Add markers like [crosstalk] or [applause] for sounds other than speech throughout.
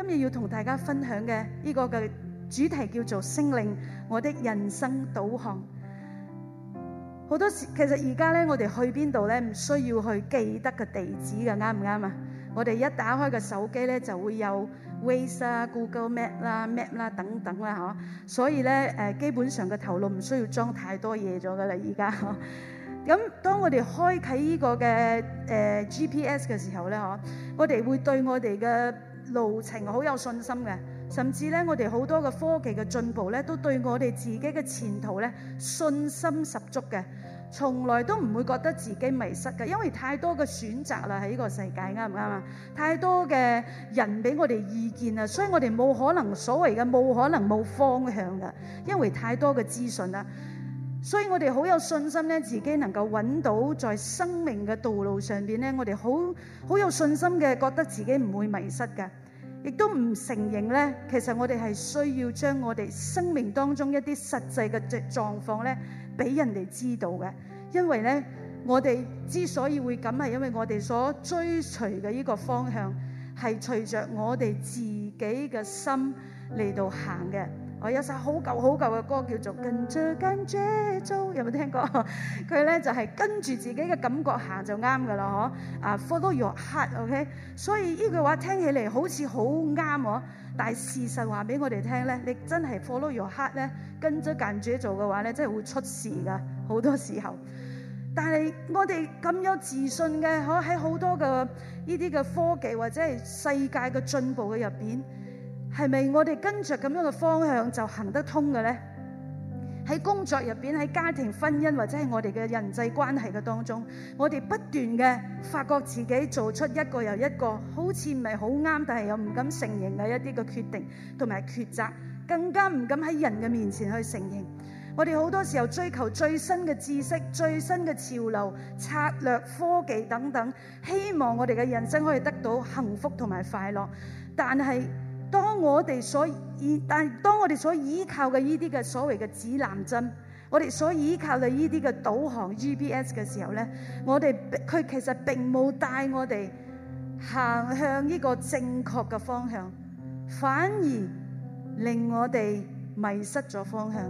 今日要同大家分享嘅呢個嘅主題叫做星令我的人生導航。好多時其實而家咧，我哋去邊度咧，唔需要去記得個地址嘅，啱唔啱啊？我哋一打開個手機咧，就會有 Waze 啦、Google Map 啦、Map 啦等等啦，嗬。所以咧，誒，基本上嘅頭腦唔需要裝太多嘢咗嘅啦，而家。咁當我哋開啟呢個嘅誒 GPS 嘅時候咧，嗬，我哋會對我哋嘅。路程好有信心嘅，甚至咧，我哋好多嘅科技嘅進步咧，都對我哋自己嘅前途咧信心十足嘅，從來都唔會覺得自己迷失嘅，因為太多嘅選擇啦喺呢個世界，啱唔啱啊？太多嘅人俾我哋意見啊，所以我哋冇可能所謂嘅冇可能冇方向噶，因為太多嘅資訊啦。所以我哋好有信心咧，自己能夠揾到在生命嘅道路上邊咧，我哋好好有信心嘅覺得自己唔會迷失嘅，亦都唔承認咧，其實我哋係需要將我哋生命當中一啲實際嘅狀況咧，俾人哋知道嘅。因為咧，我哋之所以會咁，係因為我哋所追隨嘅呢個方向係隨着我哋自己嘅心嚟到行嘅。我有一首好舊好舊嘅歌叫做《跟住跟住做》，有冇聽過？佢咧就係跟住自己嘅感覺行就啱㗎啦，嗬、啊！啊，follow your heart，OK、okay？所以呢句話聽起嚟好似好啱喎，但係事實話俾我哋聽咧，你真係 follow your heart 咧，跟住跟住做嘅話咧，真係會出事噶，好多時候。但係我哋咁有自信嘅，可喺好多嘅呢啲嘅科技或者係世界嘅進步嘅入邊。係咪我哋跟着咁樣嘅方向就行得通嘅呢？喺工作入邊，喺家庭婚姻或者係我哋嘅人際關係嘅當中，我哋不斷嘅發覺自己做出一個又一個好似唔係好啱，但係又唔敢承認嘅一啲嘅決定同埋抉擇，更加唔敢喺人嘅面前去承認。我哋好多時候追求最新嘅知識、最新嘅潮流、策略、科技等等，希望我哋嘅人生可以得到幸福同埋快樂，但係。當我哋所依，但當我哋所依靠嘅依啲嘅所謂嘅指南針，我哋所依靠嘅依啲嘅導航 GPS 嘅時候咧，我哋佢其實並冇帶我哋行向呢個正確嘅方向，反而令我哋迷失咗方向，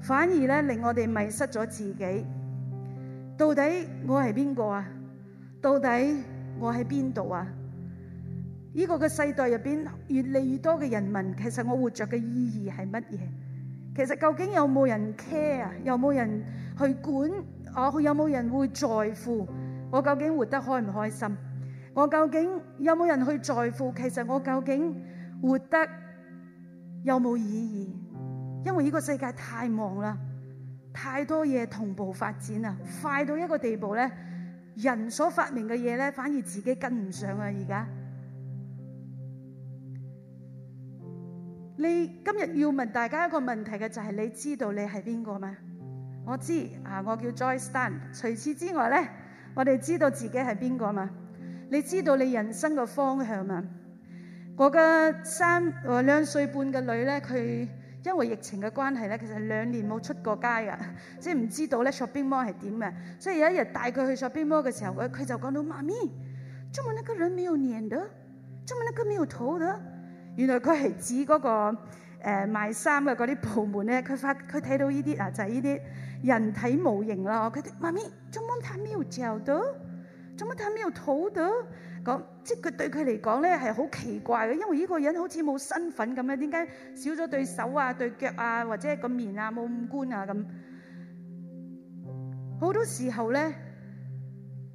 反而咧令我哋迷失咗自己。到底我係邊個啊？到底我喺邊度啊？呢個嘅世代入邊，越嚟越多嘅人民，其實我活着嘅意義係乜嘢？其實究竟有冇人 care 啊？有冇人去管我，有冇人會在乎我，究竟活得開唔開心？我究竟有冇人去在乎？其實我究竟活得有冇意義？因為呢個世界太忙啦，太多嘢同步發展啊，快到一個地步咧，人所發明嘅嘢咧，反而自己跟唔上啊！而家。你今日要問大家一個問題嘅就係，你知道你係邊個嗎？我知啊，我叫 Joyce Tan。除此之外咧，我哋知道自己係邊個嘛？你知道你人生嘅方向嘛？我嘅三兩歲半嘅女咧，佢因為疫情嘅關係咧，其實兩年冇出過街噶，即係唔知道咧，shopping mall 係點嘅。所以有一日帶佢去 shopping mall 嘅時候，佢，佢就講到媽咪，中麼一個人沒有年的，這麼那個沒有頭的。原來佢係指嗰，那個誒、呃、賣衫嘅嗰啲部門咧，佢發佢睇到呢啲啊，就係呢啲人體模型咯。佢哋媽咪，做乜睇咩嚼到？做乜睇咩要吐到？咁即係佢對佢嚟講咧係好奇怪嘅，因為呢個人好似冇身份咁樣，點解少咗對手啊，對腳啊，或者個面啊冇五官啊咁？好多時候咧，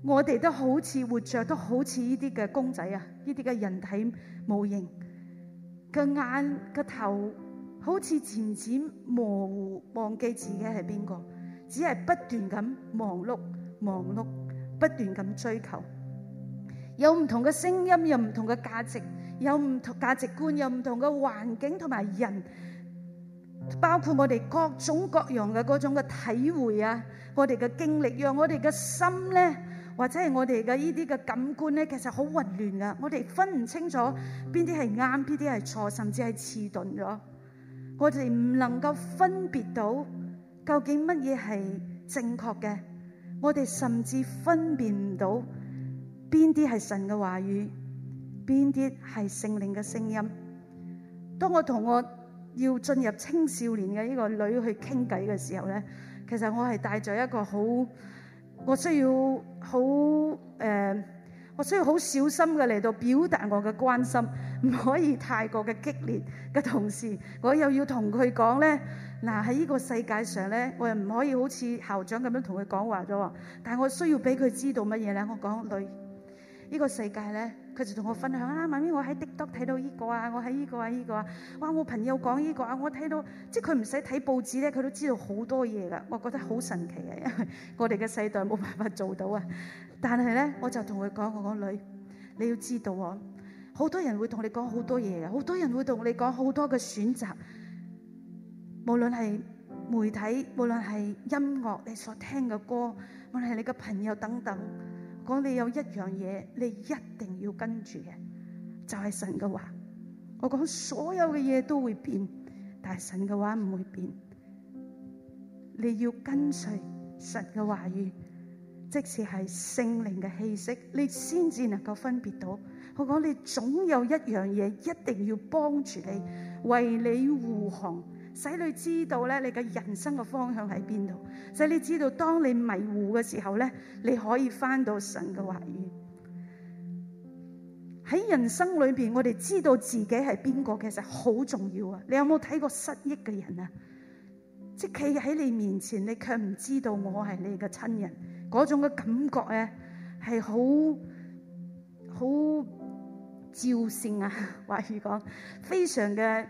我哋都好似活着，都好似呢啲嘅公仔啊，呢啲嘅人體模型。個眼個頭好似漸漸模糊，忘記自己係邊個，只係不斷咁忙碌忙碌，不斷咁追求。有唔同嘅聲音，有唔同嘅價值，有唔同價值觀，有唔同嘅環境同埋人，包括我哋各種各樣嘅嗰種嘅體會啊，我哋嘅經歷，讓我哋嘅心咧。或者係我哋嘅呢啲嘅感官咧，其實好混亂呀。我哋分唔清楚邊啲係啱，邊啲係錯，甚至係遲鈍咗。我哋唔能夠分別到究竟乜嘢係正確嘅。我哋甚至分辨唔到邊啲係神嘅話語，邊啲係聖靈嘅聲音。當我同我要進入青少年嘅呢個女去傾偈嘅時候咧，其實我係帶咗一個好。我需要好，誒、呃，我需要好小心嘅嚟到表達我嘅關心，唔可以太過嘅激烈嘅同時，我又要同佢講呢，嗱喺呢個世界上呢，我又唔可以好似校長咁樣同佢講話咗，但係我需要俾佢知道乜嘢呢？我講女呢個世界呢。」佢就同我分享啦，咪咪，我喺 TikTok 睇到呢個啊，我喺呢、這個啊呢、這個啊、這個，哇！我朋友講呢、這個啊，我睇到即係佢唔使睇報紙咧，佢都知道好多嘢噶，我覺得好神奇啊！因為我哋嘅世代冇辦法做到啊。但係咧，我就同佢講：我個女，你要知道喎，好多人會同你講好多嘢嘅，好多人會同你講好多嘅選擇，無論係媒體，無論係音樂你所聽嘅歌，無論係你嘅朋友等等。我講你有一樣嘢，你一定要跟住嘅，就係神嘅話。我講所有嘅嘢都會變，但係神嘅話唔會變。你要跟隨神嘅話語，即使係聖靈嘅氣息，你先至能夠分別到。我講你總有一樣嘢一定要幫住你，為你護航。使你知道咧，你嘅人生嘅方向喺邊度；使你知道，當你迷糊嘅時候咧，你可以翻到神嘅話語。喺人生裏邊，我哋知道自己係邊個，其實好重要啊！你有冇睇過失憶嘅人啊？即企喺你面前，你卻唔知道我係你嘅親人，嗰種嘅感覺咧，係好好照性啊！話語講，非常嘅。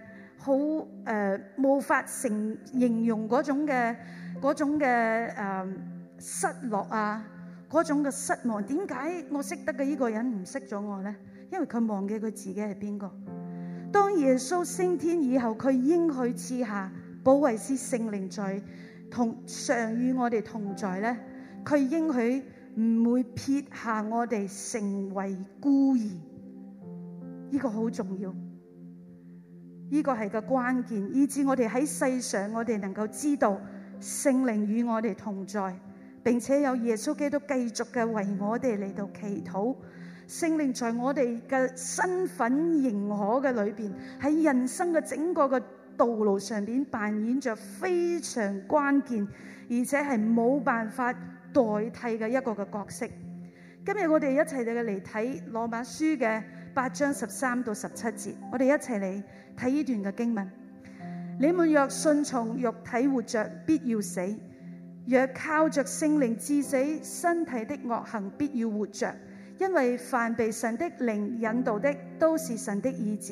好誒，冇、呃、法成，形容嗰種嘅，嗰種嘅誒、呃、失落啊，嗰種嘅失望。點解我識得嘅依個人唔識咗我咧？因為佢忘記佢自己係邊個。當耶穌升天以後，佢應許賜下，保惠師、聖靈罪同常與我哋同在咧，佢應許唔會撇下我哋成為孤兒。呢個好重要。呢個係個關鍵，以至我哋喺世上，我哋能夠知道聖靈與我哋同在，並且有耶穌基督繼續嘅為我哋嚟到祈禱。聖靈在我哋嘅身份認可嘅裏邊，喺人生嘅整個嘅道路上邊扮演着非常關鍵，而且係冇辦法代替嘅一個嘅角色。今日我哋一齊哋嚟睇《羅馬書》嘅。八章十三到十七節，我哋一齊嚟睇呢段嘅經文。你們若順從肉體活着，必要死；若靠着聖靈治死，身體的惡行必要活着。因為凡被神的靈引導的，都是神的兒子。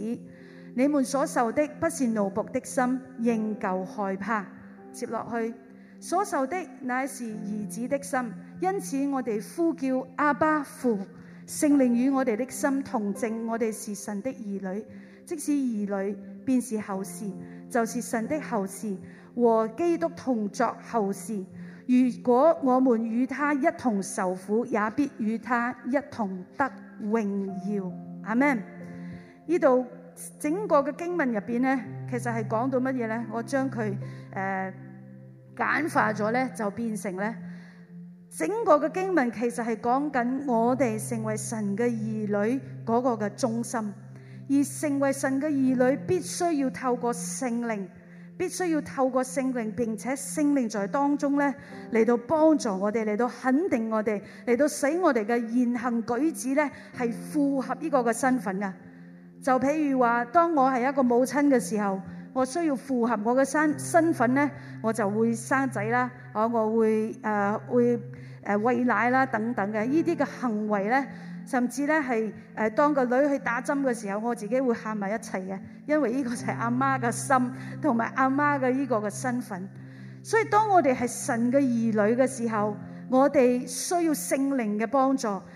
你們所受的不是奴僕的心，仍舊害怕；接落去所受的乃是兒子的心。因此，我哋呼叫阿爸父。聖靈與我哋的心同證，我哋是神的兒女。即使兒女，便是後嗣，就是神的後嗣，和基督同作後嗣。如果我們與他一同受苦，也必與他一同得榮耀。阿門。呢度整個嘅經文入邊呢，其實係講到乜嘢呢？我將佢誒、呃、簡化咗呢，就變成呢。整個嘅經文其實係講緊我哋成為神嘅兒女嗰個嘅中心，而成為神嘅兒女必須要透過聖靈，必須要透過聖靈並且聖靈在當中咧嚟到幫助我哋，嚟到肯定我哋，嚟到使我哋嘅言行舉止咧係符合呢個嘅身份嘅。就譬如話，當我係一個母親嘅時候。我需要符合我嘅身身份呢，我就會生仔啦。我會誒、呃、會餵奶啦，等等嘅呢啲嘅行為呢，甚至呢係誒當個女去打針嘅時候，我自己會喊埋一齊嘅，因為呢個就係阿媽嘅心同埋阿媽嘅呢個嘅身份。所以當我哋係神嘅兒女嘅時候，我哋需要聖靈嘅幫助。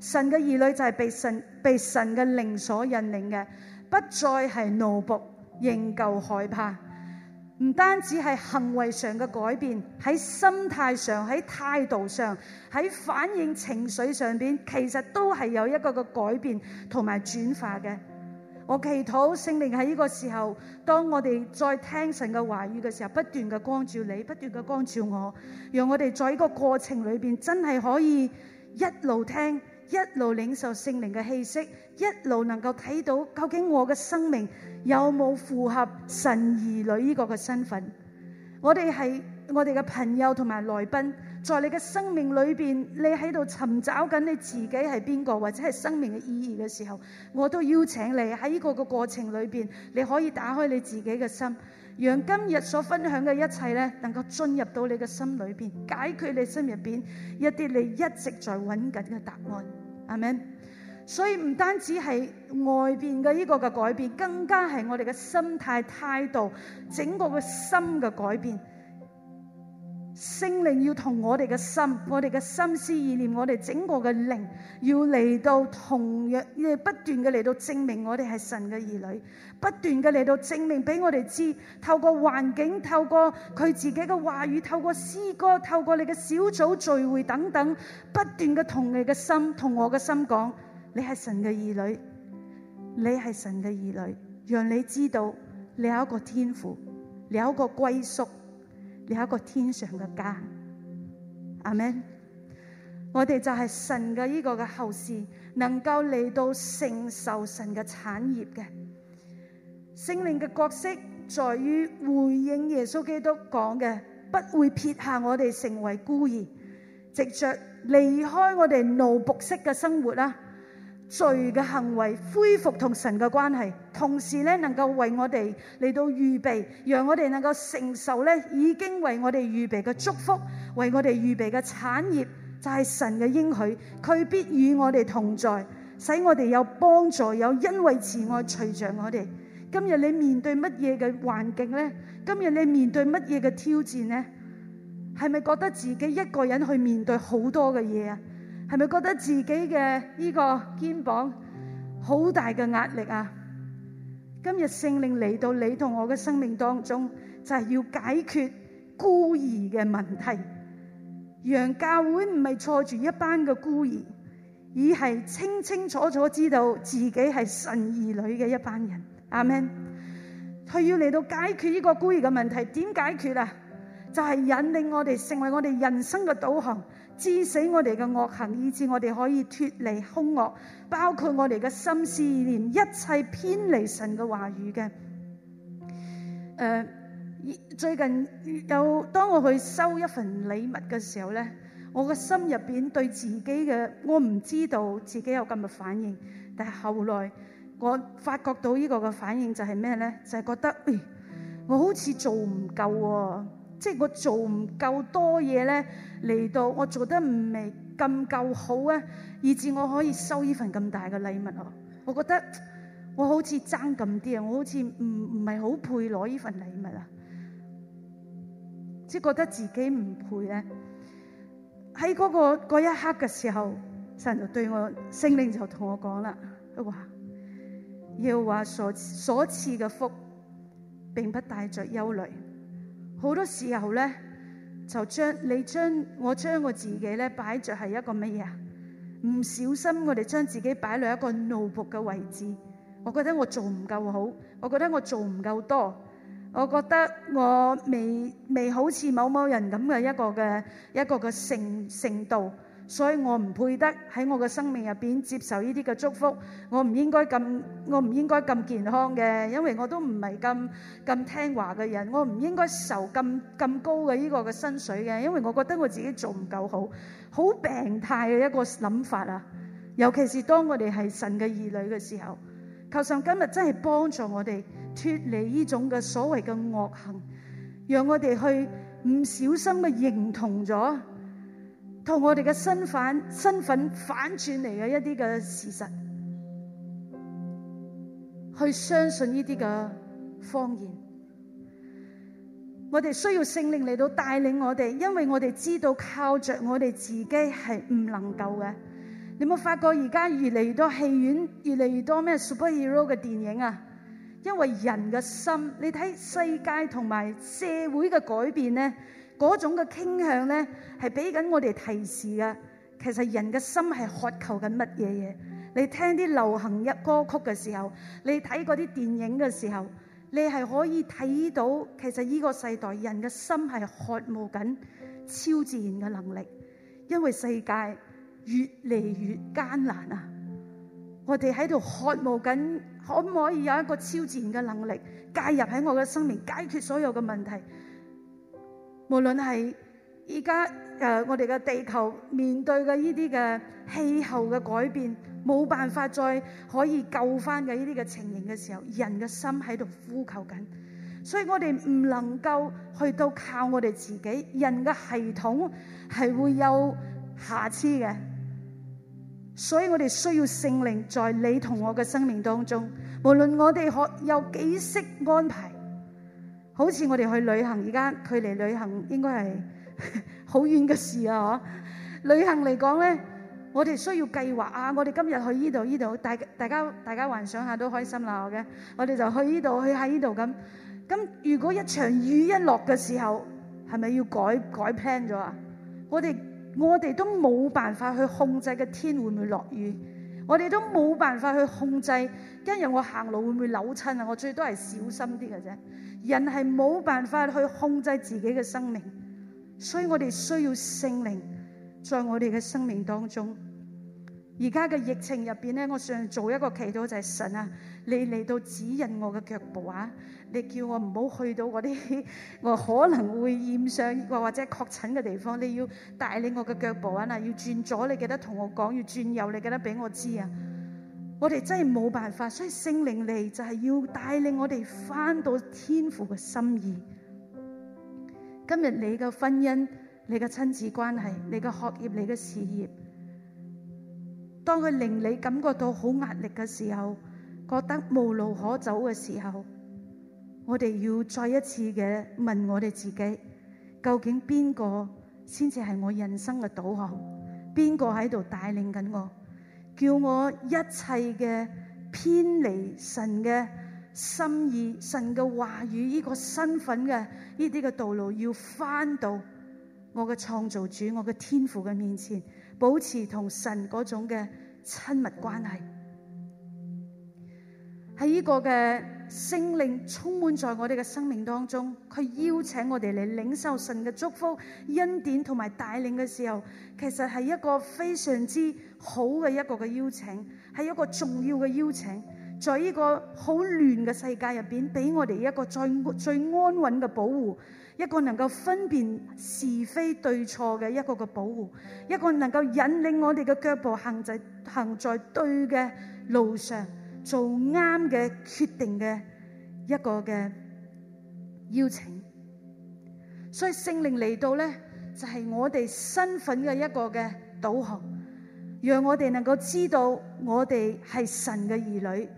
神嘅兒女就係被神被神嘅靈所引領嘅，不再係奴僕仍舊害怕，唔單止係行為上嘅改變，喺心態上、喺態度上、喺反應情緒上邊，其實都係有一個嘅改變同埋轉化嘅。我祈禱聖靈喺呢個時候，當我哋再聽神嘅話語嘅時候，不斷嘅光照你，不斷嘅光照我，讓我哋在呢個過程裏邊真係可以一路聽。一路領受聖靈嘅氣息，一路能夠睇到究竟我嘅生命有冇符合神兒女呢個嘅身份。我哋係我哋嘅朋友同埋來賓，在你嘅生命裏邊，你喺度尋找緊你自己係邊個，或者係生命嘅意義嘅時候，我都邀請你喺呢個嘅過程裏邊，你可以打開你自己嘅心，讓今日所分享嘅一切呢，能夠進入到你嘅心裏邊，解決你心入邊一啲你一直在揾緊嘅答案。係咪？Amen. 所以唔單止係外邊嘅呢個嘅改變，更加係我哋嘅心態態度，整個嘅心嘅改變。聖靈要同我哋嘅心，我哋嘅心思意念，我哋整個嘅靈，要嚟到同樣，要不斷嘅嚟到證明我哋係神嘅兒女，不斷嘅嚟到證明俾我哋知，透過環境，透過佢自己嘅話語，透過詩歌，透過你嘅小組聚會等等，不斷嘅同你嘅心，同我嘅心講，你係神嘅兒女，你係神嘅兒女，讓你知道你有一個天父，你有一個歸宿。有一個天上嘅家，阿門！我哋就係神嘅呢個嘅後嗣，能夠嚟到承受神嘅產業嘅聖靈嘅角色，在於回應耶穌基督講嘅，不會撇下我哋成為孤兒，藉着離開我哋奴僕式嘅生活啦。罪嘅行為，恢復同神嘅關係，同時咧能夠為我哋嚟到預備，讓我哋能夠承受咧已經為我哋預備嘅祝福，為我哋預備嘅產業就係神嘅應許，佢必與我哋同在，使我哋有幫助，有恩惠慈愛隨著我哋。今日你面對乜嘢嘅環境呢？今日你面對乜嘢嘅挑戰呢？係咪覺得自己一個人去面對好多嘅嘢啊？係咪覺得自己嘅呢個肩膀好大嘅壓力啊？今日聖靈嚟到你同我嘅生命當中，就係要解決孤兒嘅問題，讓教會唔係坐住一班嘅孤兒，而係清清楚楚知道自己係神兒女嘅一班人。阿門，佢要嚟到解決呢個孤兒嘅問題，點解決啊？就係引領我哋成為我哋人生嘅導航。治死我哋嘅惡行，以致我哋可以脫離兇惡，包括我哋嘅心思意念，一切偏離神嘅話語嘅。誒、呃，最近有當我去收一份禮物嘅時候咧，我嘅心入邊對自己嘅，我唔知道自己有咁嘅反應，但係後來我發覺到呢個嘅反應就係咩咧？就係、是、覺得，誒，我好似做唔夠、啊。即係我做唔夠多嘢咧，嚟到我做得唔係咁夠好啊，以至我可以收呢份咁大嘅禮物啊！我覺得我好似爭咁啲啊，我好似唔唔係好配攞呢份禮物啊！即係覺得自己唔配咧。喺嗰個嗰一刻嘅時候，神就對我聖靈就同我講啦，佢話：要話所所賜嘅福並不帶着憂慮。好多時候呢，就將你將我將我自己呢擺着係一個乜嘢啊？唔小心我哋將自己擺落一個奴僕嘅位置。我覺得我做唔夠好，我覺得我做唔夠多，我覺得我未未好似某某人咁嘅一個嘅一個嘅成程度。所以我唔配得喺我嘅生命入邊接受呢啲嘅祝福，我唔應該咁，我唔應該咁健康嘅，因為我都唔係咁咁聽話嘅人，我唔應該受咁咁高嘅呢個嘅薪水嘅，因為我覺得我自己做唔夠好，好病態嘅一個諗法啊！尤其是當我哋係神嘅兒女嘅時候，求神今日真係幫助我哋脱離呢種嘅所謂嘅惡行，讓我哋去唔小心嘅認同咗。同我哋嘅身份身份反轉嚟，嘅一啲嘅事實，去相信呢啲嘅謊言。我哋需要聖靈嚟到帶領我哋，因為我哋知道靠着我哋自己係唔能夠嘅。你冇發覺而家越嚟越多戲院，越嚟越多咩 superhero 嘅電影啊？因為人嘅心，你睇世界同埋社會嘅改變咧。嗰種嘅傾向呢，係俾緊我哋提示啊！其實人嘅心係渴求緊乜嘢嘢？你聽啲流行嘅歌曲嘅時候，你睇嗰啲電影嘅時候，你係可以睇到，其實呢個世代人嘅心係渴慕緊超自然嘅能力，因為世界越嚟越艱難啊！我哋喺度渴慕緊，可唔可以有一個超自然嘅能力介入喺我嘅生命，解決所有嘅問題？無論係而家誒，我哋嘅地球面對嘅呢啲嘅氣候嘅改變，冇辦法再可以救翻嘅呢啲嘅情形嘅時候，人嘅心喺度呼求緊，所以我哋唔能夠去到靠我哋自己，人嘅系統係會有瑕疵嘅，所以我哋需要聖靈在你同我嘅生命當中，無論我哋可有幾識安排。好似我哋去旅行，而家距離旅行應該係好遠嘅事啊！旅行嚟講咧，我哋需要計劃啊！我哋今日去依度依度，大大家大家幻想下都開心啦！我嘅我哋就去依度去下依度咁。咁如果一場雨一落嘅時候，係咪要改改 plan 咗啊？我哋我哋都冇辦法去控制個天會唔會落雨。我哋都冇辦法去控制今日我行路會唔會扭親啊。我最多係小心啲嘅啫。人係冇辦法去控制自己嘅生命，所以我哋需要聖靈在我哋嘅生命當中。而家嘅疫情入邊咧，我想做一個祈禱就係神啊，你嚟到指引我嘅腳步啊，你叫我唔好去到嗰啲我可能會染上或者確診嘅地方，你要帶領我嘅腳步啊，嗱，要轉左你記得同我講，要轉右你記得俾我知啊。我哋真係冇辦法，所以聖靈嚟就係要帶領我哋翻到天父嘅心意。今日你嘅婚姻、你嘅親子關係、你嘅學業、你嘅事業，當佢令你感覺到好壓力嘅時候，覺得無路可走嘅時候，我哋要再一次嘅問我哋自己：究竟邊個先至係我人生嘅導航？邊個喺度帶領緊我？叫我一切嘅偏離神嘅心意、神嘅話語呢個身份嘅呢啲嘅道路，要翻到我嘅創造主、我嘅天父嘅面前，保持同神嗰種嘅親密關係，喺呢個嘅。聖靈充滿在我哋嘅生命當中，佢邀請我哋嚟領受神嘅祝福、恩典同埋帶領嘅時候，其實係一個非常之好嘅一個嘅邀請，係一個重要嘅邀請。在呢個好亂嘅世界入邊，俾我哋一個最最安穩嘅保護，一個能夠分辨是非對錯嘅一個嘅保護，一個能夠引領我哋嘅腳步行在行在對嘅路上。做啱嘅決定嘅一個嘅邀請，所以聖靈嚟到呢，就係我哋身份嘅一個嘅導航，讓我哋能夠知道我哋係神嘅兒女，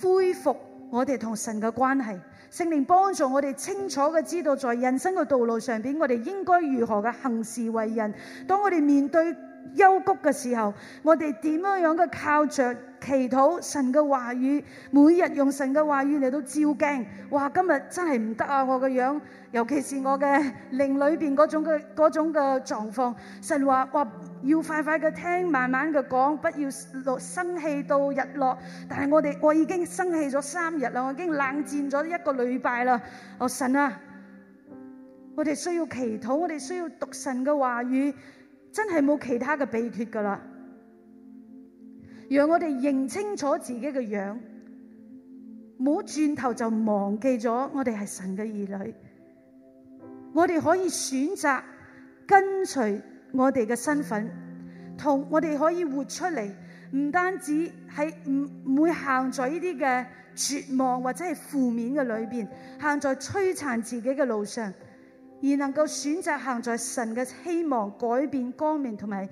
恢復我哋同神嘅關係。聖靈幫助我哋清楚嘅知道，在人生嘅道路上邊，我哋應該如何嘅行事為人。當我哋面對憂谷嘅時候，我哋點樣樣嘅靠着？祈禱神嘅話語，每日用神嘅話語嚟到照鏡。哇，今日真係唔得啊！我個樣，尤其是我嘅靈裏邊嗰種嘅嗰種嘅狀況。神話哇，要快快嘅聽，慢慢嘅講，不要落生氣到日落。但係我哋，我已經生氣咗三日啦，我已經冷戰咗一個禮拜啦。哦，神啊，我哋需要祈禱，我哋需要讀神嘅話語，真係冇其他嘅秘訣噶啦。讓我哋認清楚自己嘅樣，唔好轉頭就忘記咗我哋係神嘅兒女。我哋可以選擇跟隨我哋嘅身份，同我哋可以活出嚟，唔單止喺唔會行在呢啲嘅絕望或者係負面嘅裏邊，行在摧殘自己嘅路上，而能夠選擇行在神嘅希望、改變、光明同埋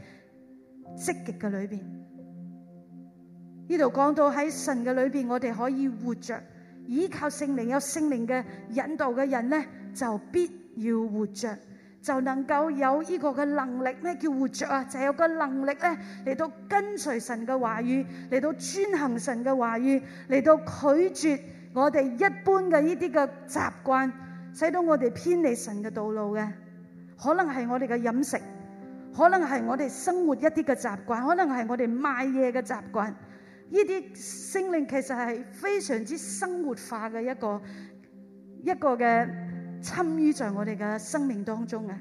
積極嘅裏邊。呢度講到喺神嘅裏邊，我哋可以活著，依靠聖靈，有聖靈嘅引導嘅人呢，就必要活著，就能夠有呢個嘅能力。咩叫活著啊？就係有個能力呢，嚟到跟隨神嘅話語，嚟到遵行神嘅話語，嚟到拒絕我哋一般嘅呢啲嘅習慣，使到我哋偏離神嘅道路嘅。可能係我哋嘅飲食，可能係我哋生活一啲嘅習慣，可能係我哋賣嘢嘅習慣。呢啲聖靈其實係非常之生活化嘅一個一個嘅參與，在我哋嘅生命當中啊，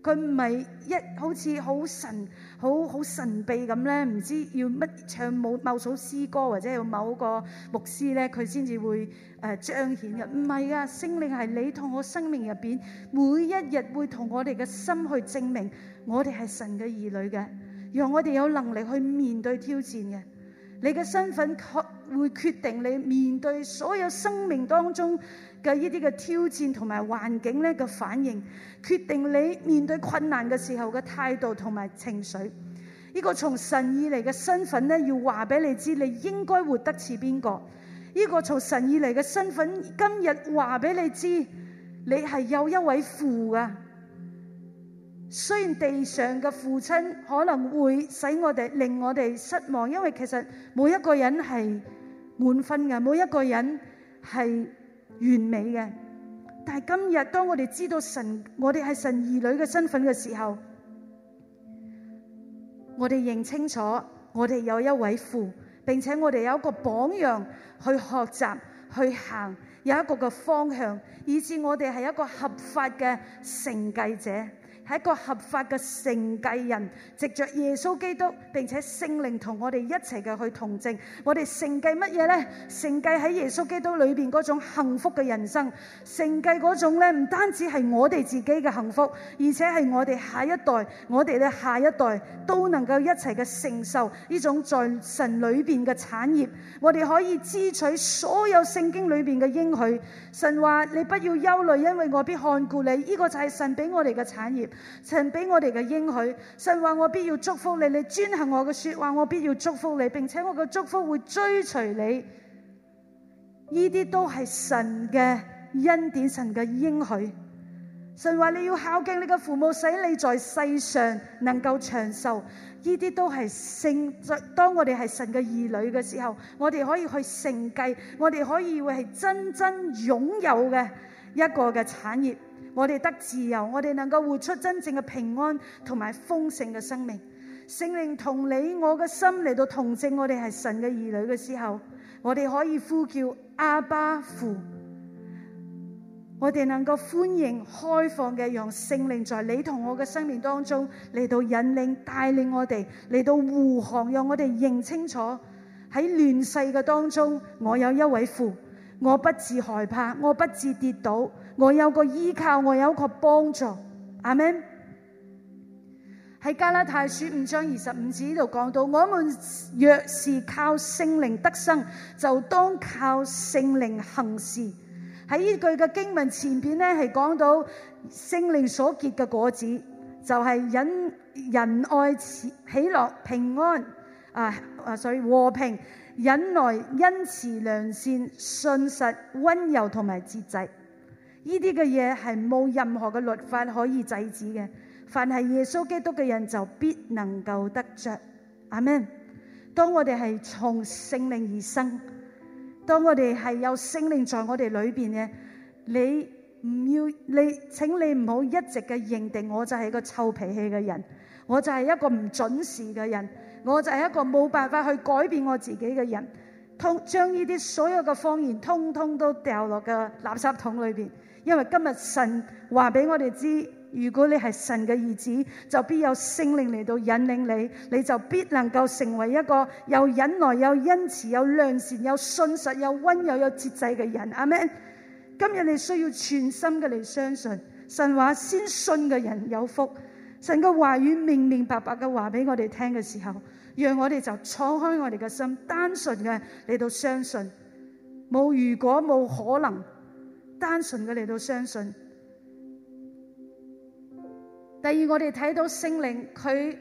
佢唔係一好似好神好好神秘咁咧，唔知道要乜唱某某首詩歌或者要某個牧師咧，佢先至會誒、呃、彰顯嘅。唔係啊，聖靈係你同我生命入邊每一日會同我哋嘅心去證明，我哋係神嘅兒女嘅，讓我哋有能力去面對挑戰嘅。你嘅身份確會決定你面對所有生命當中嘅呢啲嘅挑戰同埋環境嘅反應，決定你面對困難嘅時候嘅態度同埋情緒。呢個從神以嚟嘅身份呢，要話俾你知，你應該活得似邊個？呢個從神以嚟嘅身份，今日話俾你知，你係有一位父㗎。雖然地上嘅父親可能會使我哋令我哋失望，因為其實每一個人係滿分嘅，每一個人係完美嘅。但係今日當我哋知道神，我哋係神兒女嘅身份嘅時候，我哋認清楚，我哋有一位父，並且我哋有一個榜樣去學習去行，有一個嘅方向，以致我哋係一個合法嘅承繼者。係一個合法嘅承繼人，藉着耶穌基督並且聖靈同我哋一齊嘅去同證。我哋承繼乜嘢呢？承繼喺耶穌基督裏面嗰種幸福嘅人生。承繼嗰種呢，唔單止係我哋自己嘅幸福，而且係我哋下一代、我哋嘅下一代都能夠一齊嘅承受呢種在神裏面嘅產業。我哋可以支取所有聖經裏面嘅應許。神話，你不要憂慮，因為我必看顧你。這個就係神給我哋嘅產業。神俾我哋嘅應許，神話我必要祝福你，你遵行我嘅說話，我必要祝福你，並且我嘅祝福會追隨你。呢啲都係神嘅恩典，神嘅應許。神話你要孝敬你嘅父母，使你在世上能夠長壽。呢啲都係聖。當我哋係神嘅兒女嘅時候，我哋可以去承繼，我哋可以會係真真擁有嘅一個嘅產業。我哋得自由，我哋能夠活出真正嘅平安同埋豐盛嘅生命。聖靈同你我嘅心嚟到同證我哋係神嘅兒女嘅時候，我哋可以呼叫阿爸父。我哋能夠歡迎開放嘅，讓聖靈在你同我嘅生命當中嚟到引領帶領我哋嚟到護航，讓我哋認清楚喺亂世嘅當中，我有一位父。我不自害怕，我不自跌倒，我有個依靠，我有個幫助。阿門。喺加拉太書五章二十五節呢度講到，我們若是靠聖靈得生，就當靠聖靈行事。喺呢句嘅經文前邊呢，係講到聖靈所結嘅果子，就係、是、仁愛喜樂、平安啊啊，所以和平。忍耐、恩慈、良善、信實、温柔同埋節制，呢啲嘅嘢係冇任何嘅律法可以制止嘅。凡係耶穌基督嘅人就必能夠得着。阿們，當我哋係從聖靈而生，當我哋係有聖靈在我哋裏面嘅，你唔要你，請你唔好一直嘅認定我就係個臭脾氣嘅人，我就係一個唔準時嘅人。我就係一個冇辦法去改變我自己嘅人，通將呢啲所有嘅謊言通通都掉落個垃圾桶裏面。因為今日神話俾我哋知，如果你係神嘅兒子，就必有聖靈嚟到引領你，你就必能夠成為一個有忍耐、有恩慈、有良善、有信實、有溫柔、有節制嘅人。阿門。今日你需要全心嘅嚟相信神話，先信嘅人有福。整個話語明明白白嘅話俾我哋聽嘅時候，讓我哋就敞開我哋嘅心，單純嘅嚟到相信，冇如果冇可能，單純嘅嚟到相信。第二，我哋睇到聖靈，佢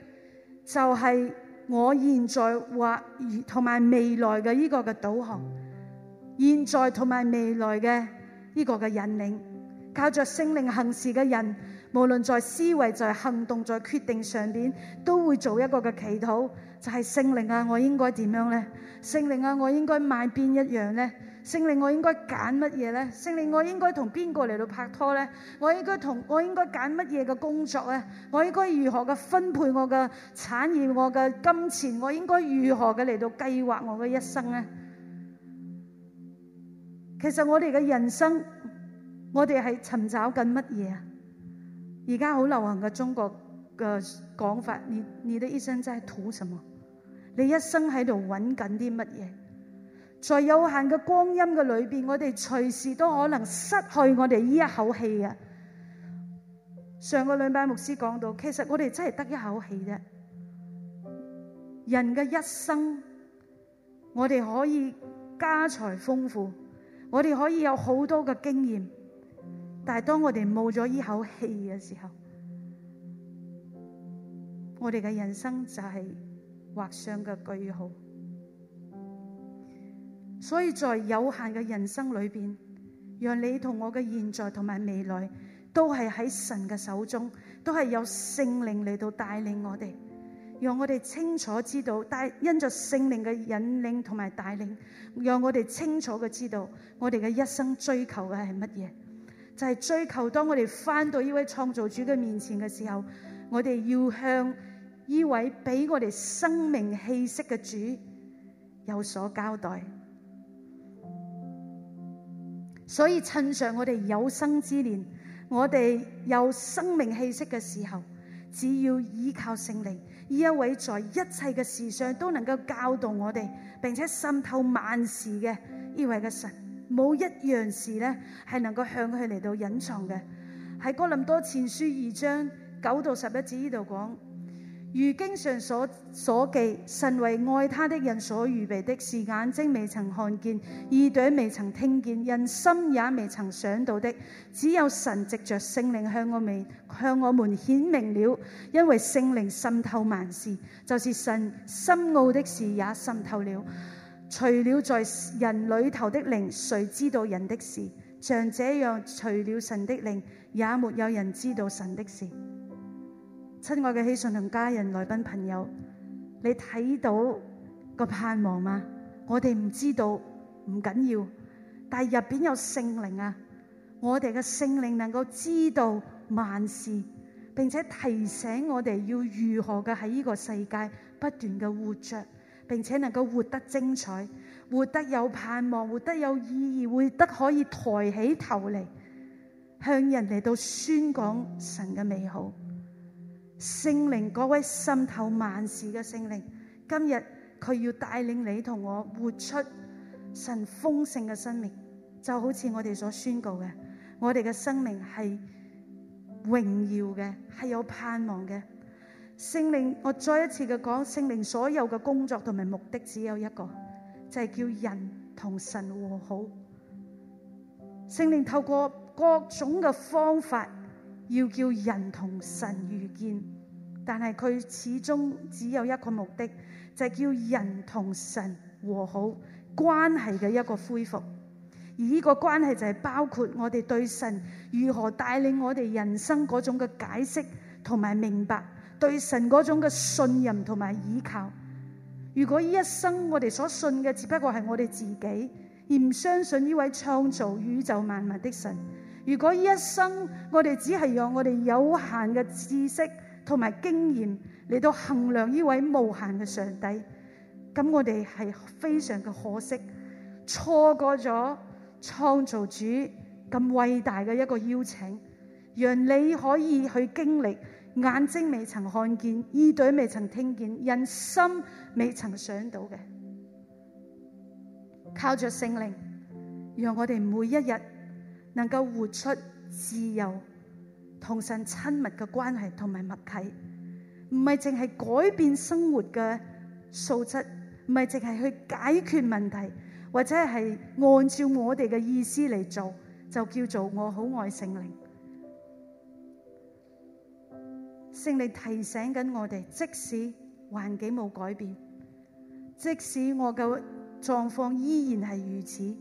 就係我現在話同埋未來嘅呢個嘅導航，現在同埋未來嘅呢個嘅引領，靠着聖靈行事嘅人。無論在思維、在行動、在決定上邊，都會做一個嘅祈禱，就係聖靈啊，我應該點樣呢？聖靈啊，我應該買邊一樣呢？聖靈，我應該揀乜嘢呢？聖靈，我應該同邊個嚟到拍拖呢？我應該同我應該揀乜嘢嘅工作呢？我應該如何嘅分配我嘅產業、我嘅金錢？我應該如何嘅嚟到計劃我嘅一生呢？其實我哋嘅人生，我哋係尋找緊乜嘢啊？而家好流行嘅中國嘅講法，你你的一生真係圖什麼？你一生在圖什麼？你一生喺度揾緊啲乜嘢？在有限嘅光陰嘅裏邊，我哋隨時都可能失去我哋呢一口氣嘅。上個禮拜牧師講到，其實我哋真係得一口氣啫。人嘅一生，我哋可以家財豐富，我哋可以有好多嘅經驗。但係，當我哋冇咗呢口氣嘅時候，我哋嘅人生就係畫上嘅句號。所以在有限嘅人生裏邊，讓你同我嘅現在同埋未來都係喺神嘅手中，都係有聖靈嚟到帶領我哋，讓我哋清楚知道。但因着聖靈嘅引領同埋帶領，讓我哋清楚嘅知道，我哋嘅一生追求嘅係乜嘢。就係追求，當我哋翻到呢位創造主嘅面前嘅時候，我哋要向呢位俾我哋生命氣息嘅主有所交代。所以趁上我哋有生之年，我哋有生命氣息嘅時候，只要依靠聖靈，呢一位在一切嘅事上都能夠教導我哋，並且滲透萬事嘅呢位嘅神。冇一樣事咧係能夠向佢嚟到隱藏嘅，喺哥林多前書二章九到十一節呢度講，如經上所所記，神為愛他的人所預備的是眼睛未曾看見，耳朵未曾聽見，人心也未曾想到的，只有神藉着聖靈向我面向我們顯明了，因為聖靈滲透萬事，就是神深奧的事也滲透了。除了在人裏頭的靈，誰知道人的事？像這樣，除了神的靈，也沒有人知道神的事。親愛嘅弟兄同家人，來賓朋友，你睇到個盼望嗎？我哋唔知道，唔緊要，但入邊有聖靈啊！我哋嘅聖靈能夠知道萬事，並且提醒我哋要如何嘅喺呢個世界不斷嘅活着。並且能夠活得精彩，活得有盼望，活得有意義，活得可以抬起頭嚟，向人嚟到宣講神嘅美好。聖靈，嗰位滲透萬事嘅聖靈，今日佢要帶領你同我活出神豐盛嘅生命，就好似我哋所宣告嘅，我哋嘅生命係榮耀嘅，係有盼望嘅。聖靈，我再一次嘅講，聖靈所有嘅工作同埋目的只有一個，就係叫人同神和好。聖靈透過各種嘅方法，要叫人同神遇見，但係佢始終只有一個目的，就係叫人同神和好關係嘅一個恢復。而呢個關係就係包括我哋對神如何帶領我哋人生嗰種嘅解釋同埋明白。對神嗰種嘅信任同埋依靠。如果呢一生我哋所信嘅只不過係我哋自己，而唔相信呢位創造宇宙萬物的神；如果呢一生我哋只係用我哋有限嘅知識同埋經驗嚟到衡量呢位無限嘅上帝，咁我哋係非常嘅可惜，錯過咗創造主咁偉大嘅一個邀請，讓你可以去經歷。眼睛未曾看見，耳朵未曾聽見，人心未曾想到嘅，靠着聖靈，讓我哋每一日能夠活出自由，同神親密嘅關係同埋默契，唔係淨係改變生活嘅素質，唔係淨係去解決問題，或者係按照我哋嘅意思嚟做，就叫做我好愛聖靈。聖靈提醒緊我哋，即使環境冇改變，即使我嘅狀況依然係如此，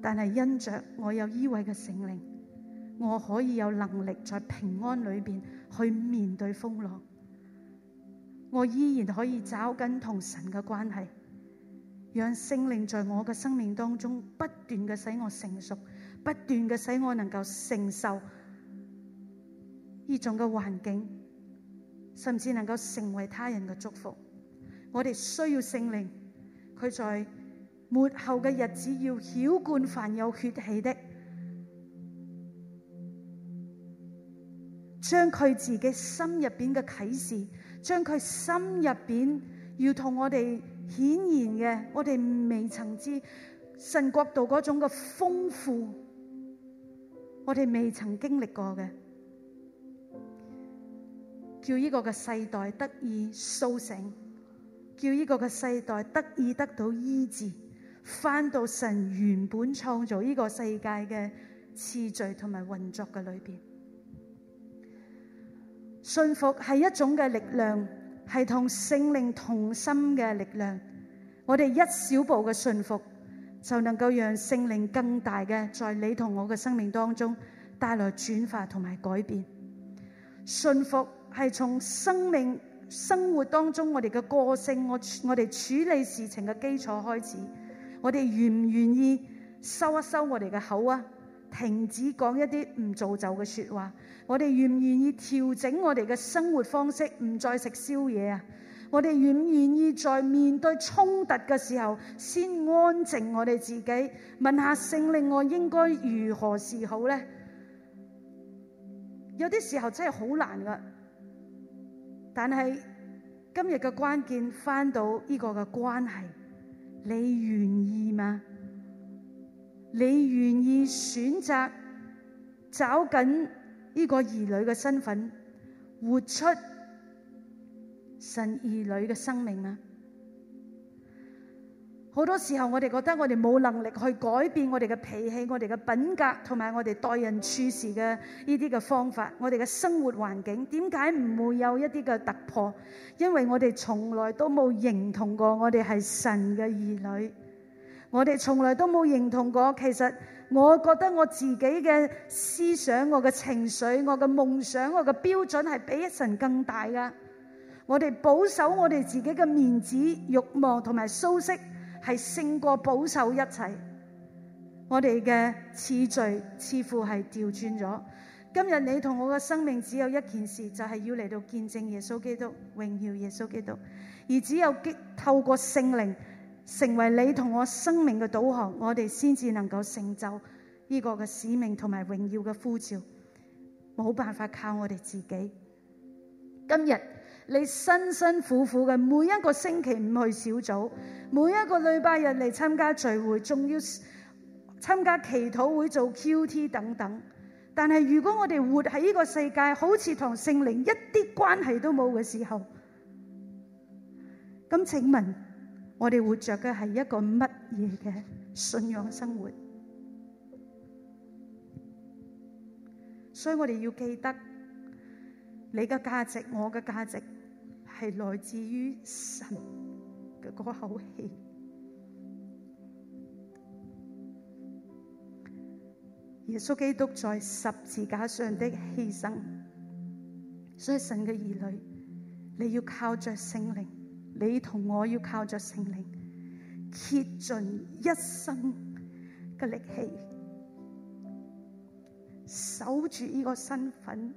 但係因着我有依位嘅聖靈，我可以有能力在平安裏邊去面對風浪，我依然可以找緊同神嘅關係，讓聖靈在我嘅生命當中不斷嘅使我成熟，不斷嘅使我能夠承受。呢種嘅環境，甚至能夠成為他人嘅祝福。我哋需要聖靈，佢在末後嘅日子要曉冠凡有血氣的，將佢自己心入邊嘅啟示，將佢心入邊要同我哋顯現嘅，我哋未曾知神國度嗰種嘅豐富，我哋未曾經歷過嘅。叫呢個嘅世代得以甦醒，叫呢個嘅世代得以得到醫治，返到神原本創造呢個世界嘅次序同埋運作嘅裏邊。信服係一種嘅力量，係同聖靈同心嘅力量。我哋一小步嘅信服就能夠讓聖靈更大嘅，在你同我嘅生命當中帶來轉化同埋改變。信服。係從生命生活當中我哋嘅個性，我我哋處理事情嘅基礎開始。我哋願唔願意收一收我哋嘅口啊？停止講一啲唔造就嘅說話。我哋願唔願意調整我哋嘅生活方式，唔再食宵夜啊？我哋願唔願意在面對衝突嘅時候，先安靜我哋自己，問下聖靈，我應該如何是好呢？有啲時候真係好難噶。但係今日嘅關鍵，返到呢個嘅關係，你願意嗎？你願意選擇找緊呢個兒女嘅身份，活出神兒女嘅生命嗎？好多時候，我哋覺得我哋冇能力去改變我哋嘅脾氣、我哋嘅品格同埋我哋待人處事嘅呢啲嘅方法。我哋嘅生活環境點解唔會有一啲嘅突破？因為我哋從來都冇認同過，我哋係神嘅兒女。我哋從來都冇認同過。其實，我覺得我自己嘅思想、我嘅情緒、我嘅夢想、我嘅標準係比一神更大㗎。我哋保守我哋自己嘅面子、慾望同埋舒適。係勝過保守一切，我哋嘅次序似乎係調轉咗。今日你同我嘅生命只有一件事，就係要嚟到見證耶穌基督榮耀耶穌基督，而只有透過聖靈成為你同我生命嘅導航，我哋先至能夠成就呢個嘅使命同埋榮耀嘅呼召，冇辦法靠我哋自己。今日。你辛辛苦苦嘅每一個星期五去小組，每一個禮拜日嚟參加聚會，仲要參加祈禱會做 QT 等等。但係如果我哋活喺呢個世界，好似同聖靈一啲關係都冇嘅時候，咁請問我哋活着嘅係一個乜嘢嘅信仰生活？所以我哋要記得，你嘅價值，我嘅價值。係來自於神嘅嗰口氣，耶穌基督在十字架上的犧牲，所以神嘅兒女，你要靠着聖靈，你同我要靠着聖靈，竭盡一生嘅力氣，守住呢個身份。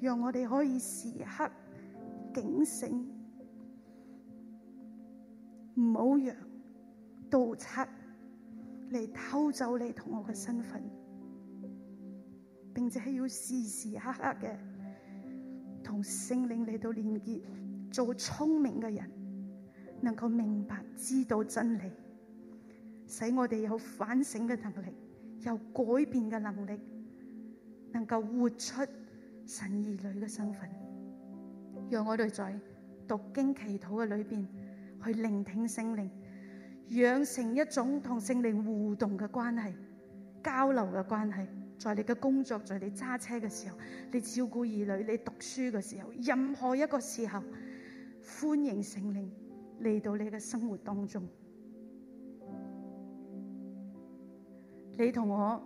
讓我哋可以時刻警醒，唔好讓盜賊嚟偷走你同我嘅身份，並且係要時時刻刻嘅同聖靈嚟到連結，做聰明嘅人，能夠明白知道真理，使我哋有反省嘅能力，有改變嘅能力，能夠活出。神兒女嘅身份，讓我哋在讀經祈禱嘅裏邊去聆聽聖靈，養成一種同聖靈互動嘅關係、交流嘅關係。在你嘅工作，在你揸車嘅時候，你照顧兒女，你讀書嘅時候，任何一個時候，歡迎聖靈嚟到你嘅生活當中。你同我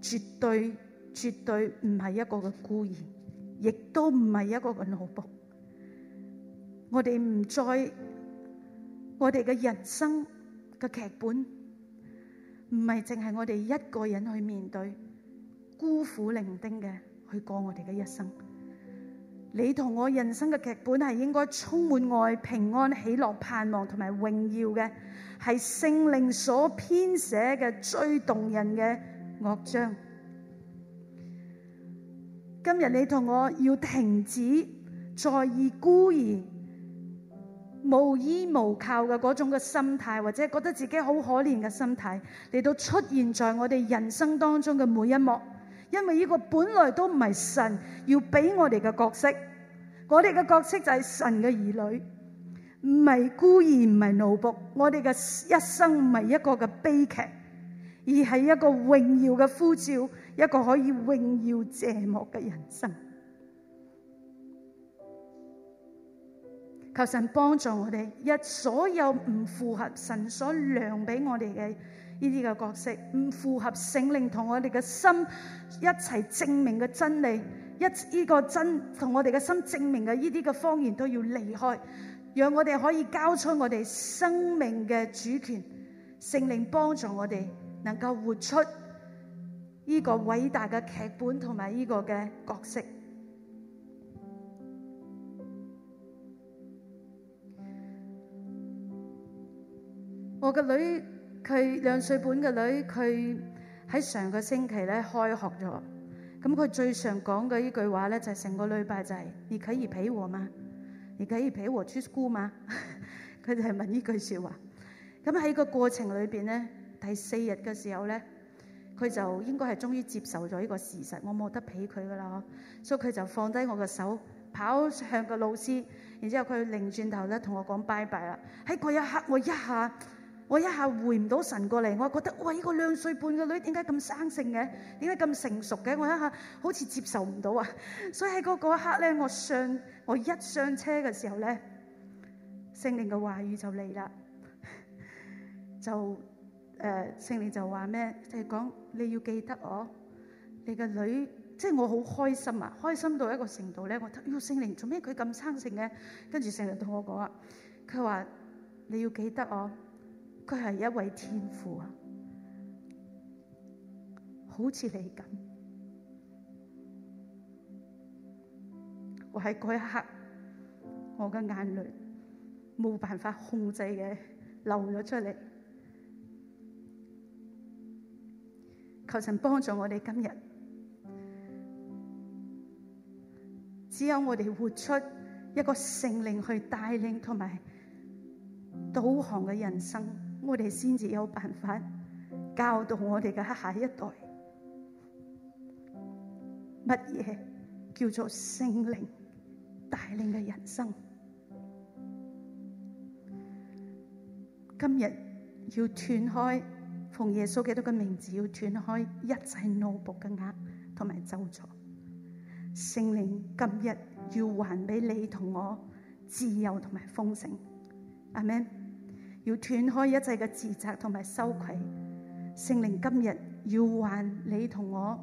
絕對。絕對唔係一個嘅孤兒，亦都唔係一個嘅奴僕。我哋唔再，我哋嘅人生嘅劇本唔係淨係我哋一個人去面對孤苦伶仃嘅去過我哋嘅一生。你同我人生嘅劇本係應該充滿愛、平安、喜樂、盼望同埋榮耀嘅，係聖靈所編寫嘅最動人嘅樂章。今日你同我要停止在意孤兒無依無靠嘅嗰種嘅心態，或者覺得自己好可憐嘅心態，嚟到出現在我哋人生當中嘅每一幕，因為呢個本來都唔係神要俾我哋嘅角色，我哋嘅角色就係神嘅兒女，唔係孤兒，唔係奴僕，我哋嘅一生唔係一個嘅悲劇，而係一個榮耀嘅呼召。一個可以榮耀謝幕嘅人生，求神幫助我哋，一所有唔符合神所量俾我哋嘅呢啲嘅角色，唔符合聖靈同我哋嘅心一齊證明嘅真理，一呢個真同我哋嘅心證明嘅呢啲嘅謊言都要離開，讓我哋可以交出我哋生命嘅主權，聖靈幫助我哋能夠活出。呢個偉大嘅劇本同埋呢個嘅角色，我的，我嘅女，佢兩歲半嘅女佢喺上個星期咧開學咗，咁佢最常講嘅呢句話咧就係、是、成個禮拜就係、是，你可以陪我嘛，你可以陪我出 school 嘛。佢 [music] 就係問呢句説話。咁喺個過程裏邊咧，第四日嘅時候咧。佢就應該係終於接受咗呢個事實，我冇得俾佢噶啦，所以佢就放低我個手，跑向個老師，然之後佢擰轉頭咧同我講拜拜啦。喺嗰一刻，我一，我一下我一下回唔到神過嚟，我覺得喂，呢、呢個兩歲半嘅女點解咁生性嘅？點解咁成熟嘅？我一下好似接受唔到啊！所以喺嗰嗰一刻咧，我上我一上車嘅時候咧，聖靈嘅話語就嚟啦，就。誒聖靈就話咩？就係講你要記得我，你個女，即係我好開心啊！開心到一個程度咧，我得，咦聖靈做咩佢咁生性嘅？跟住聖靈同我講啊，佢話你要記得我，佢係一位天父啊，好似你咁。我喺嗰一刻，我嘅眼淚冇辦法控制嘅流咗出嚟。求神幫助我哋今日，只有我哋活出一個聖靈去帶領同埋導航嘅人生，我哋先至有辦法教導我哋嘅下一代。乜嘢叫做聖靈帶領嘅人生？今日要斷開。同耶穌基督嘅名字，要斷開一切奴僕嘅軛同埋咒詛。聖靈今日要還俾你同我自由同埋豐盛，阿門。要斷開一切嘅自責同埋羞愧。聖靈今日要還你同我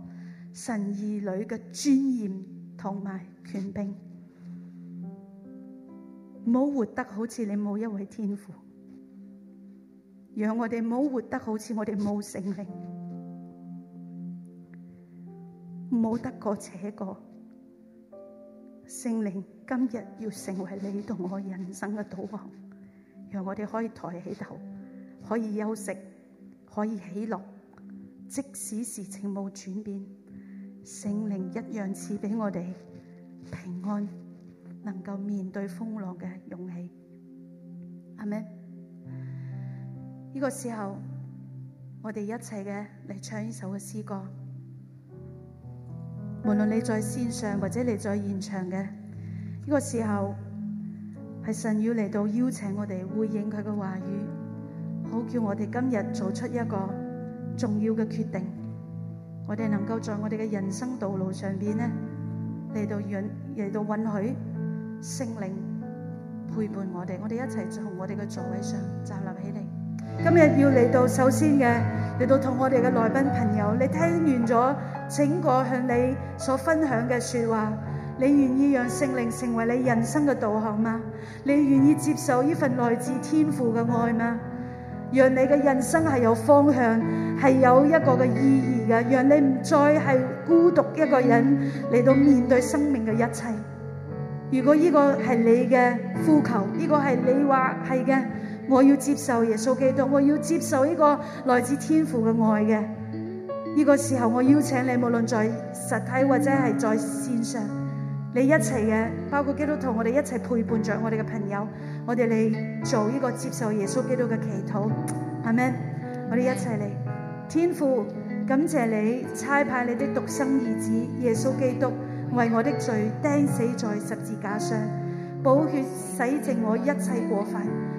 神兒女嘅尊嚴同埋權柄。唔好活得好似你冇一位天父。讓我哋唔好活得好似我哋冇聖靈，冇得過且過。聖靈今日要成為你同我人生嘅導航，讓我哋可以抬起頭，可以休息，可以起落。即使事情冇轉變，聖靈一樣賜俾我哋平安，能夠面對風浪嘅勇氣，係咪？呢個時候，我哋一齊嘅嚟唱呢首嘅詩歌。無論你在線上或者你在現場嘅，呢、這個時候係神要嚟到邀請我哋回應佢嘅話語，好叫我哋今日做出一個重要嘅決定。我哋能夠在我哋嘅人生道路上邊呢嚟到允嚟到允許聖靈陪伴我哋。我哋一齊從我哋嘅座位上站立起嚟。今日要嚟到，首先嘅嚟到同我哋嘅來賓朋友，你聽完咗整個向你所分享嘅說話，你願意讓聖靈成為你人生嘅導航嗎？你願意接受呢份來自天父嘅愛嗎？讓你嘅人生係有方向，係有一個嘅意義嘅，讓你唔再係孤獨一個人嚟到面對生命嘅一切。如果呢個係你嘅呼求，呢個係你話係嘅。我要接受耶穌基督，我要接受呢個來自天父嘅愛嘅。呢個時候，我邀請你，無論在實體或者係在綫上，你一齊嘅，包括基督徒，我哋一齊陪伴着我哋嘅朋友，我哋嚟做呢個接受耶穌基督嘅祈禱，係咪？我哋一齊嚟。天父，感謝你差派你的獨生兒子耶穌基督，為我的罪釘死在十字架上，寶血洗淨我一切過犯。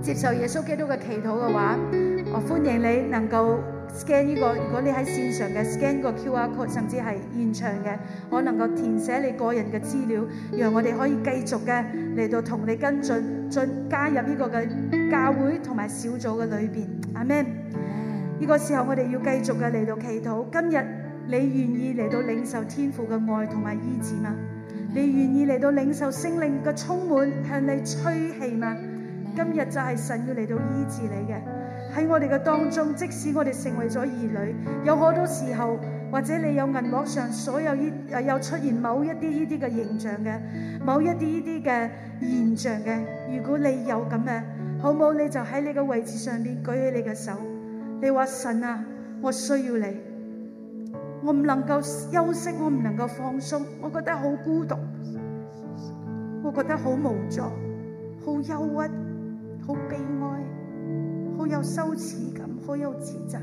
接受耶穌基督嘅祈禱嘅話，我歡迎你能夠 scan 呢個，如果你喺線上嘅 scan 個 QR code，甚至係現場嘅，我能夠填寫你個人嘅資料，讓我哋可以繼續嘅嚟到同你跟進，進加入呢個嘅教會同埋小組嘅裏邊。阿 amen。呢個時候我哋要繼續嘅嚟到祈禱，今日你願意嚟到領受天父嘅愛同埋醫治嗎？你願意嚟到領受聖靈嘅充滿向你吹氣嗎？今日就係神要嚟到醫治你嘅。喺我哋嘅當中，即使我哋成為咗兒女，有好多時候，或者你有銀幕上所有依誒有出現某一啲呢啲嘅形象嘅，某一啲呢啲嘅現象嘅。如果你有咁嘅，好唔好？你就喺你嘅位置上面舉起你嘅手，你話神啊，我需要你，我唔能夠休息，我唔能夠放鬆，我覺得好孤獨，我覺得好無助，好憂鬱。好悲哀，好有羞恥感，好有自責。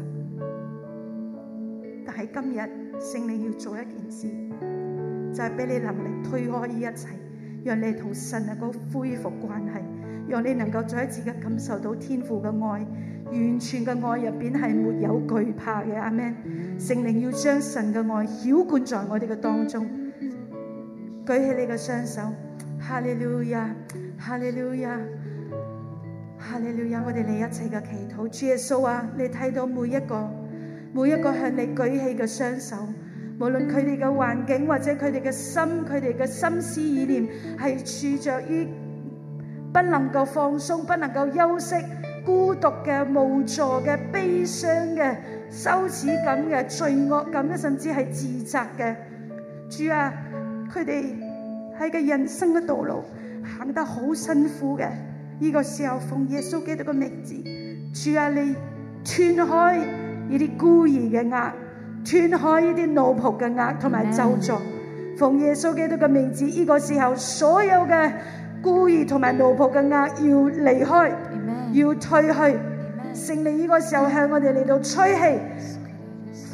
但係今日，聖靈要做一件事，就係、是、俾你能力推開呢一切，讓你同神嘅嗰恢復關係，讓你能夠再一次嘅感受到天父嘅愛，完全嘅愛入邊係沒有懼怕嘅。阿門，聖靈要將神嘅愛澆灌在我哋嘅當中。舉起你嘅雙手，哈利路亞，哈利路亞。啊！你了有我哋你一切嘅祈禱，主耶穌啊！你睇到每一個、每一個向你舉起嘅雙手，無論佢哋嘅環境或者佢哋嘅心、佢哋嘅心思意念，係處著於不能夠放鬆、不能夠休息、孤獨嘅、無助嘅、悲傷嘅、羞恥感嘅、罪惡感嘅，甚至係自責嘅。主啊，佢哋喺個人生嘅道路行得好辛苦嘅。呢個時候奉耶穌基督嘅名字，主啊，你斷開呢啲孤兒嘅壓，斷開呢啲奴僕嘅壓同埋咒詛，奉耶穌基督嘅名字，呢 Amen.、這個時候所有嘅孤兒同埋奴僕嘅壓要離開，Amen. 要退去，聖靈呢個時候向我哋嚟到吹氣，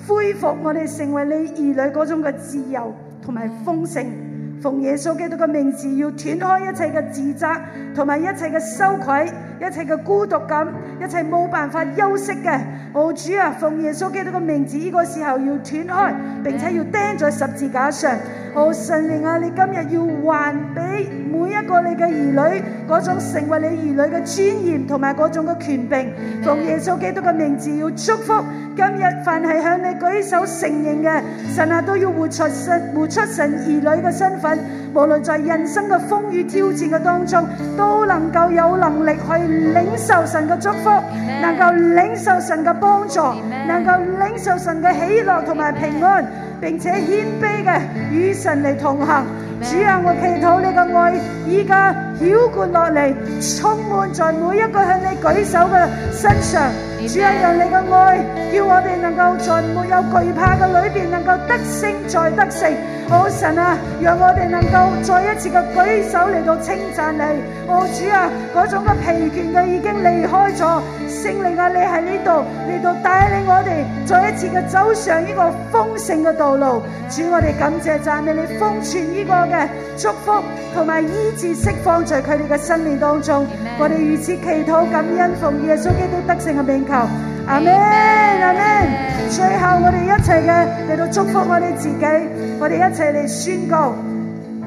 恢復我哋成為你兒女嗰種嘅自由同埋豐盛。奉耶穌基督嘅名字，要斷開一切嘅自責同埋一切嘅羞愧，一切嘅孤獨感，一切冇辦法休息嘅。哦、主啊，奉耶穌基督嘅名字，呢個時候要斷開，並且要釘在十字架上。我承認啊，你今日要還給每一個你嘅兒女，嗰種成為你兒女嘅尊嚴同埋嗰種嘅權柄，奉 Amen. 耶穌基督嘅名字要祝福。今日凡係向你舉手承認嘅，神啊都要活出神，活出神兒女嘅身份。無論在人生嘅風雨挑戰嘅當中，都能夠有能力去領受神嘅祝福，Amen. 能夠領受神嘅幫助，Amen. 能夠領受神嘅喜樂同埋平安，並且謙卑嘅與神嚟同行。主啊，我祈禱你的愛依家澆灌落嚟，充滿在每一個向你舉手嘅身上。主啊，讓你的愛叫我哋能夠在沒有懼怕嘅裏邊，能夠得勝再得勝。好、哦、神啊，讓我哋能夠再一次嘅舉手嚟到稱讚你。我、哦、主啊，嗰種嘅疲倦嘅已經離開咗，勝利啊你喺呢度嚟到帶領我哋再一次嘅走上呢個豐盛嘅道路。主、啊，我哋感謝讚美你，封存呢、這個。嘅祝福同埋醫治釋放在佢哋嘅生命當中，我哋如此祈禱感恩奉耶穌基督得勝嘅名求，阿門、阿門。最後我哋一齊嘅嚟到祝福我哋自己，我哋一齊嚟宣告，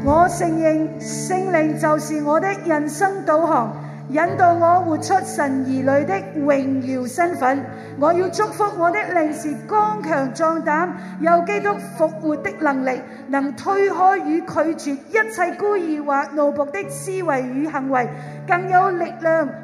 我承認聖靈就是我的人生導航。引導我活出神兒女的榮耀身份。我要祝福我的靈是剛強壯膽，有基督復活的能力，能推開與拒絕一切孤兒或奴僕的思維與行為，更有力量。